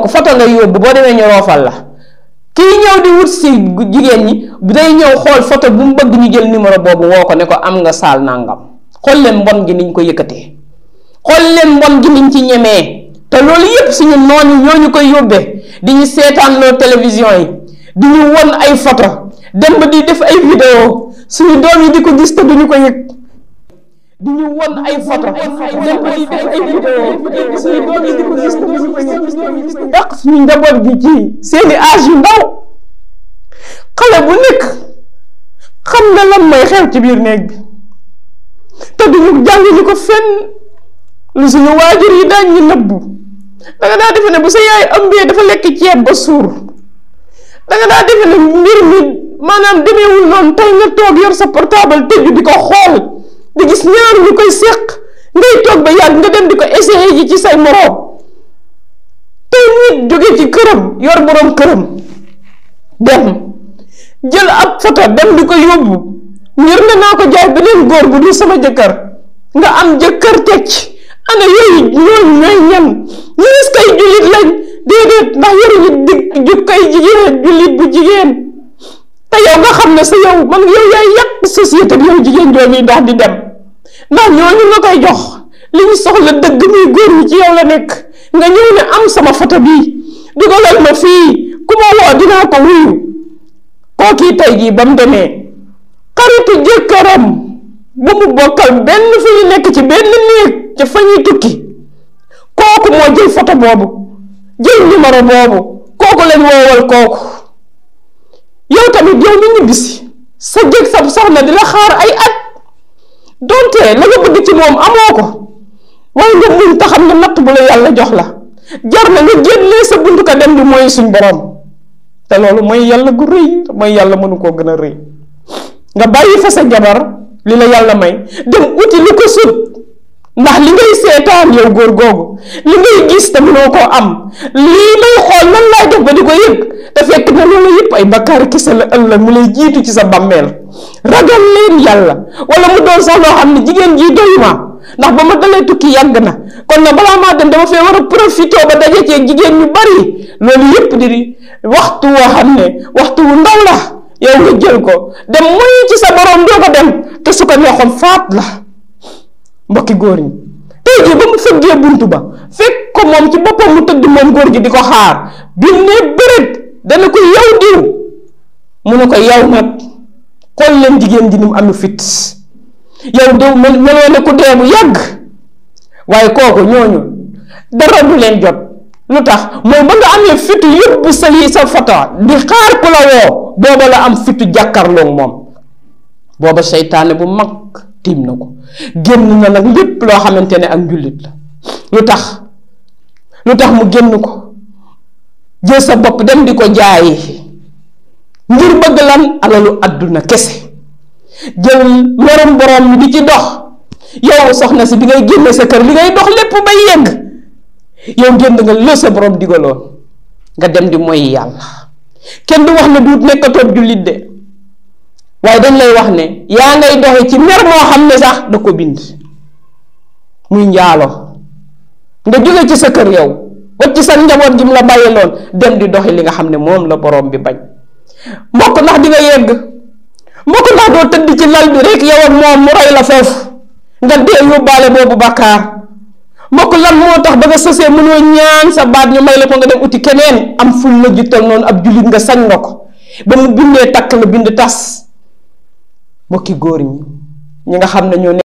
bokk foto ngay yóbbu boo demee ñu roofal la kii ñëw di wut si jigéen ñi day ñëw xool foto bu mu bëgg ñu jël numéro boobu woo ko ne ko am nga saal nàngam xool leen mbon gi niñ ko yëkkatee xool leen mbon gi niñ ci ñemee te loolu yépp suñu noonu ñoo ñu koy yóbbee di ñu seetaanloo télévision yi di ñu won ay foto dem ba di def ay vidéo suñu doom yi di ko gis te duñu ko yëg di ñu won ay photo dem ko di def ay vidéo suñu doom yi di ko gis ko gis ko gis ko dak suñu njaboot gi ci seeni âge yu ndaw xale bu nekk xam na lan mooy xew ci biir néeg bi te duñu jàng ñu ko fenn lu suñu waajur yi daan ñu nëbbu da nga daa defe ne bu sa yaay ëmbee dafa lekk ceeb ba suur da nga daa defe ne mbir mi maanaam demeewul noonu tey nga toog yor sa portable tëju di ko xool nga gis ñaar ñu koy sekk ngay toog ba yàgg nga dem di ko essayé yi ci say moroom te nit jóge ci këram yor boroom këram dem jël ab photo dem di ko yóbbu ngir nga naa ko jaay beneen góor bu dul sama jëkkër nga am jëkkër tecc ana yooyu ñooñ ñooy ñan ñu gis kay jullit lañ déedéet ndax yëru ñu di jub kay jigéen jullit bu jigéen te yow nga xam ne sa yow man yow yaay yàq société bi yow jigéen jooñuy ndax di dem ndax ñooñu nga koy jox li ñu soxla dëgg muy góor ñi ci yow la nekk nga ñëw ne am sama foto bii dugalal ma fii ku ma woo dinaa ko wuyu kookii tey jii ba mu demee xaritu jëkkëram bu mu bokkal benn fi ñu nekk ci benn néeg ca fa ñuy tukki kooku moo jël foto boobu jël numéro boobu kooku lañ woowal kooku yow tamit yow mi ñibbisi sa jëg sa soxna di la xaar ay at donte la nga bëgg ci moom amoo ko waaye nga muñ te xam ne natt bu la yàlla jox la jar na nga génnee sa buntu ka dem bi mooy suñ borom te loolu mooy yàlla gu rëy mooy yàlla mënu koo gën a rëy nga bàyyi fa sa jabar li la yàlla may dem uti lu ko sut ndax li ngay seetaan yow góor googu li ngay gis te mënoo koo am lii may xool nan laay def ba di ko yëg te fekk na loolu yëpp ay bakkaar kese la ëllëg mu lay jiitu ci sa bàmmeel ragal leen yalla wala mu doon sax loo xam ne jigéen jii doyuma ndax ba ma dalee tukki yàgg na kon na balaa maa dem dama fee war a profité ba daje ci jigéen ñu bari loolu yépp di waxtu woo xam ne waxtu wu ndaw la yow nga jël ko dem muy ci sa borom doo ko dem te su ko neexoon faat la mbokki góor ñi tey ji ba mu fëggee buntu ba fekk ko moom ci boppam mu tëdd moom góor ji di ko xaar bi ne bërët dana ko yow diw mu ne ko yow nag xol leen jigéen ji ni mu amee fit yow doo meloo ne ku dee mu yàgg waaye kooku ñooñu dara du leen jot lu tax mooy ba nga amee fitu yóbbu sa lii sa foto di xaar ku la woo booba la am fit jàkkaarloo moom booba seytaane bu mag tiim na ko génn na nag lépp loo xamante ne ak njullit la lu tax lu tax mu génn ko jël sa bopp dem di ko jaayi ngir bëgg lan alalu àdduna kese jël merum borom mi di ci dox yow soxna si bi ngay génne sa kër li ngay dox lépp bay yëng yow génn nga loo sa borom digaloon nga dem di moy yàlla kenn du wax ne duut nekkatoob jullit de waaye dañ lay wax ne yaa ngay doxe ci mer moo xam ne sax da ko bind muy njaalo nga jóge ci sa kër yow wacc sa njaboot ji mu la bàyyiloon dem di doxi li nga xam ne moom la borom bi bañ mbokk ndax di nga yegg mbokk ndax doo tëdd ci lal bi rek yow ak moom mu rey la foofu nga dee yóbbaale boobu bàkkaar mbokk lan moo tax ba nga sësee mënoo ñaan sa baat ñu may la ko nga dem uti keneen am ful la juttal noonu ab jullit nga sañ nga ko ba mu bindee takk nga bind tas mbokki góor ñi ñi nga xam ne ñoo